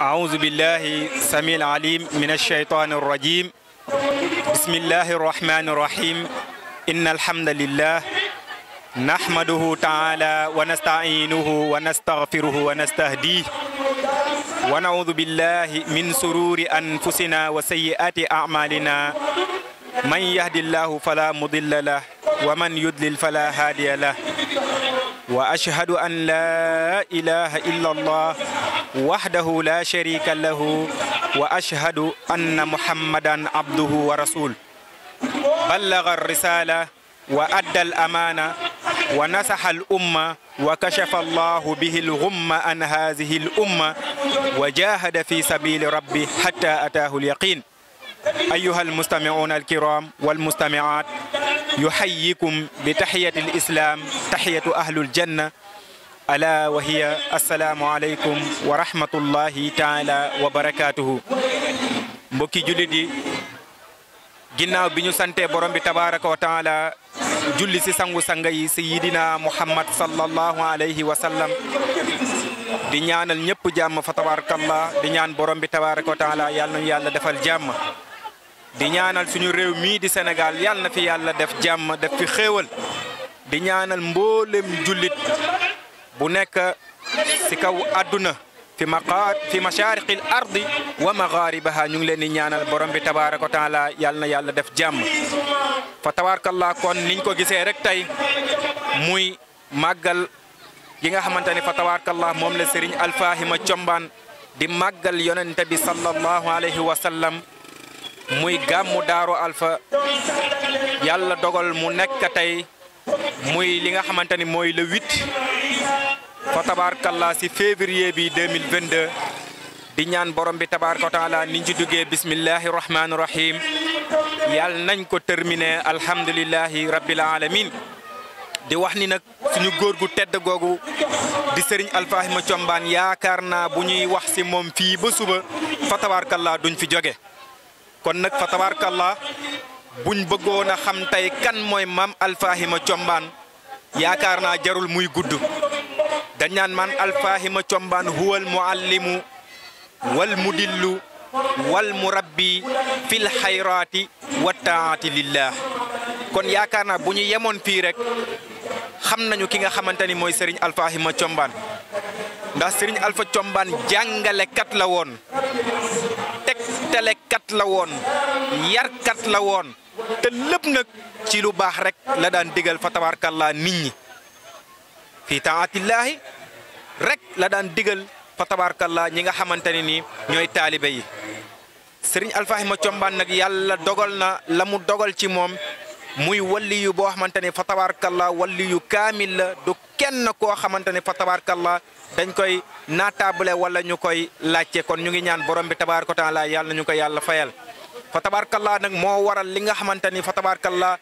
أعوذ بالله سميع العليم من الشيطان الرجيم بسم الله الرحمن الرحيم إن الحمد لله نحمده تعالى ونستعينه ونستغفره ونستهديه ونعوذ بالله من سرور أنفسنا وسيئات أعمالنا من يهد الله فلا مضل له ومن يضلل فلا هادي له وأشهد أن لا إله إلا الله wahdahu la sharika lahu wa ashhadu anna muhammadan abduhu wa rasul ballaga arrisala wa adda al amana wa nasaha al umma wa kashafa allahu bihi al ghumma an hadhihi al umma wa jahada fi sabili rabbi hatta ataahu al yaqin أيها المستمعون الكرام والمستمعات يحييكم بتحية الإسلام تحية أهل الجنة ala wa hiya assalaamu aleykum wa rahmatullahi taala wa barakaatuhu mbokki jullit yi ginnaaw bi ñu santee borom bi tabaraka wa taala julli si sangu-sanga yi sayidina muhammad sallallahu alayhi wa sallam di ñaanal ñëpp jàmm fa tabarakallah di ñaan borom bi tabaraka wa taala yàlla nañu defal jàmm di ñaanal suñu réew mii di senegal yàlla na fi yàlla def jàmm def fi xéewal di ñaanal mboolem jullit bu nekk si kaw àdduna fi maqa fi mashariqil ardi wa magharibaha ñu ngi leen di ñaanal borom bi tabaaraka wa taala yàlla na yàlla def jàmm fa tabaarakallah kon niñ ko gisee rek tey muy màggal gi nga xamante ne fa tabaarakallah moom la Serigne ma Combaan di màggal yonente bi sallallahu alayhi wa muy gàmmu daaru alfa yàlla dogal mu nekk tey muy li nga xamante ni mooy le huit tabaarkalla si février bi 2022 di ñaan borom bi tabaaraka taala niñ ci duggee bismillahi rahmaani rahim yàlla nañ ko terminé alhamdulilahi rabbil alamin di wax ni nag suñu góor gu tedd googu di sëriñ Serigne ma Combaan yaakaar naa bu ñuy wax si moom fii ba suba fa tabaarkalla duñ fi joge kon nag fa tabaarkalla buñ bëggoon xam tey kan mooy maam ma Combaan yaakaar naa jarul muy gudd dañ naan man alfahima combaan huwal muallimu wal mudillu wal murabbi fil xayraati wa taati lillah kon yaakaar naa bu ñu yemoon fii rek xam nañu ki nga xamante ni mooy Serigne Alfahima Combaan ndax sëriñ Alfa Combaan jàngalekat la woon tegtalekat la woon yarkat la woon te lépp ci lu baax rek la daan digal fa tabarkallaa nit ñi fii taatillaahi rek la daan digal fa tabaarkalla ñi nga xamante ne nii ñooy taalibe yi sëriñ Alfahima Combaan nag yàlla dogal na la mu dogal ci moom muy walliyu boo xamante ne fa tabaarkalla walliyu kaamil la du kenn koo xamante ne fa tabaarkalla dañ koy naataable wala ñu koy laajte kon ñu ngi ñaan borom bi tabaaraka taala yàlla na ñu ko yàlla fayal fa tabaarkalla nag moo waral li nga xamante ni fa tabaarkalla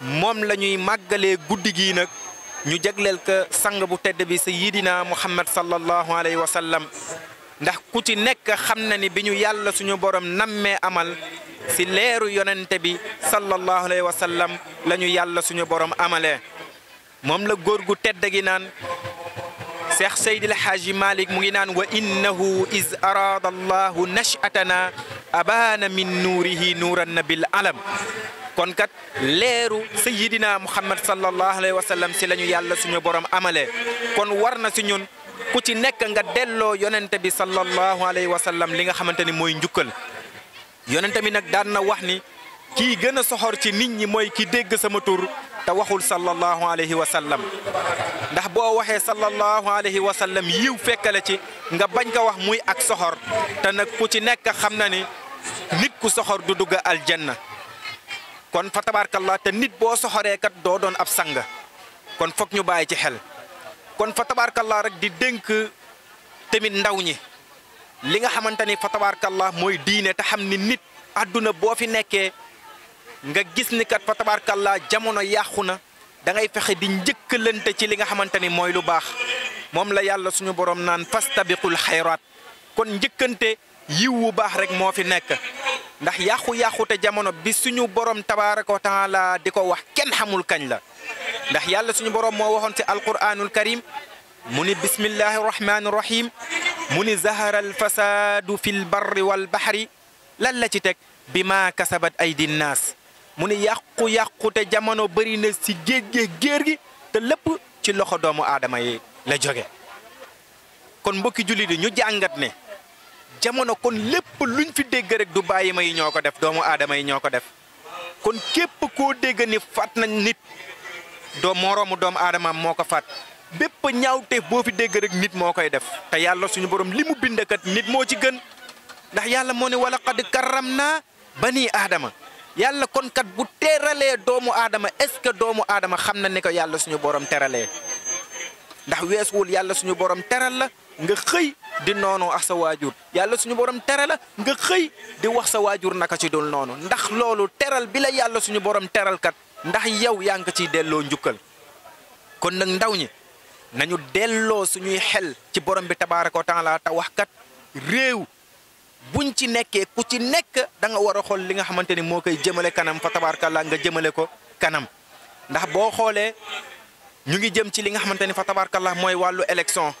moom la ñuy màggalee guddi gii nag. ñu jagleel ko sang bu tedd bi sayidina muhammad sallallahu alayhi wa sallam ndax ku ci nekk xam na ni bi ñu yàlla suñu borom nammee amal si leeru yonente bi sallallahu alayhi wa sallam la yàlla suñu borom amale moom la góor gu tedd gi naan Cheikh Seydil Haaji Malik mu ngi naan wa innahu iz araada allahu nach'atana abaana min nuurihi nuuran nabil alam kon kat leeru sayidina muhammad sallallahu alayhi wa wasallam si la yàlla suñu borom amalee kon war na si ñun ku ci nekk nga delloo yonente bi sallallahu alayhi wa sallam li nga xamante ni mooy njukkal yonente bi nag daan na wax ni kii gën a soxor ci nit ñi mooy kii dégg sama tur te waxul sallallahu alayhi wasallam ndax boo waxee sallallahu alayhi wa sallam yiw fekkale ci nga bañ ko wax muy ak soxor te nag ku ci nekk xam na ni nit ku soxor du dugg aljanna kon fa tabaarkalla te nit boo soxoree kat doo doon ab sanga kon foog ñu bàyyi ci xel kon fa tabaarkalla rek di dénk tamit ndaw ñi li nga xamante ni fa tabaarkalla mooy diine te xam ni nit àdduna boo fi nekkee nga gis ni kat fa tabaarkalla jamono yàqu na dangay ngay fexe di njëkkalante ci li nga xamante ni mooy lu baax moom la yàlla suñu borom naan fastabiqul xayraat kon njëkkante yiw wu baax rek moo fi nekk. ndax yàqu-yàqu te jamono bi suñu borom tabaaraka wa taala di ko wax kenn xamul kañ la ndax yàlla suñu borom moo waxoon ci alquraanul karim mu ni bismillahi rahmaani rahim mu ni zahara alfasaadu fi lbarri walbahri lan la ci teg bi maa kasabat ay naas mu ni yàqu-yàqu te jamono bëri na si géej géer gi te lépp ci loxo doomu aadama yi la joge kon mbokki jullit yi ñu jàngat ne jamono kon lépp luñ fi dégg rek du bàyyi ma yi ñoo ko def doomu aadama yi ñoo ko def kon képp koo dégg ni faat nañ nit doom moroomu doomu aadamaam moo ko faat bépp ñaawteef boo fi dégg rek nit moo koy def te yàlla suñu borom li mu bindakat nit moo ci gën ndax yàlla moo ne wala xad karram naa bani aadama yàlla kon kat bu teralee doomu aadama est-ce que doomu aadama xam na ne ko yàlla suñu borom teralee ndax weesuwul yàlla suñu borom teral la nga xëy di noonu ak sa waajur yàlla suñu borom teral la nga xëy di wax sa waajur naka ci dul noonu ndax loolu teral bi la yàlla suñu borom teral kat ndax yow yaa ngi ciy delloo njukkal kon nag ndaw ñi nañu delloo suñuy xel ci borom bi tabaaraka wa laa te wax kat réew buñ ci nekkee ku ci nekk danga nga war a xool li nga xamante ni moo koy jëmale kanam fa tabaaraka la nga jëmale ko kanam ndax boo xoolee ñu ngi jëm ci li nga xamante ni fa tabarkallah mooy wàllu élection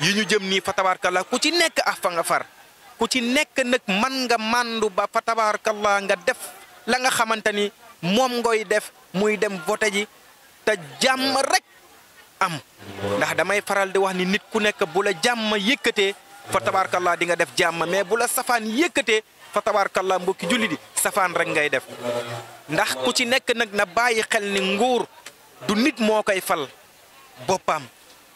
yi ñu jëm nii fa tabarkallah ku ci nekk ah fa nga far ku ci nekk nag man nga màndu ba fa tabarkallah nga def la nga xamante ni moom ngoy def muy dem vote ji te jàmm rek am ndax damay faral di wax ni nit ku nekk bu la jàmm yëkkatee fa tabarkallah di nga def jàmm mais bu la safaan yëkkatee fa tabarkallah mbokki julli di safaan rek ngay def ndax ku ci nekk nag na bàyyi xel ni nguur du nit moo koy fal boppam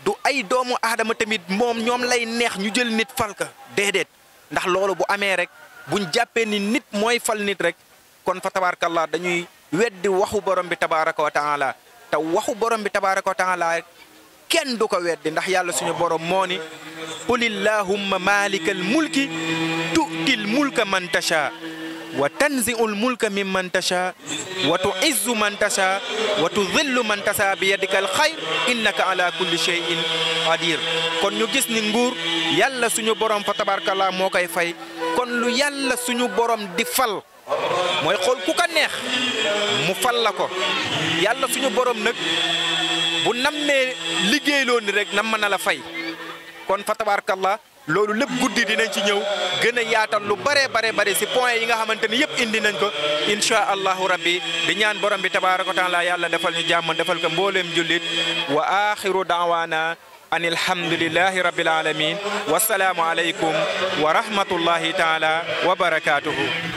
du ay doomu aadama tamit moom ñoom lay neex ñu jël nit falka ka ndax loolu bu amee rek buñ jàppee ni nit mooy fal nit rek kon fa tabaarakallah dañuy weddi waxu borom bi tabaaraka wa taala te waxu borom bi tabaaraka wa kenn du ko weddi ndax yàlla suñu borom moo ni qul illahumma mulki tu'til mulka man tasha wa tanzi'ul mulka mimman tasha wa tu'izzu man tasha wa tudhillu man tasha bi yadika al khayr innaka ala kulli shay'in qadir kon ñu gis ni nguur yàlla suñu borom fa tabarkalla moo koy fay kon lu yàlla suñu borom di fal mooy xool ku ko neex mu fal la ko yàlla suñu borom nag bu nammee liggéeyloo ni rek nam mën a la fay kon fa tabarkalla loolu lépp guddi dinañ ci ñëw gën a yaatal lu bare bare bare si point yi nga xamante ni yëpp indi nañ ko incha allahu rabbi di ñaan borom bi tabaaraka wa taala yàlla defal ñu jàmm defal ko mbooleem jullit wa axiru daawaana an alhamdulillahi rabbil alamin wasalaamu aleykum wa rahmatullahi taala wa barakaatuhu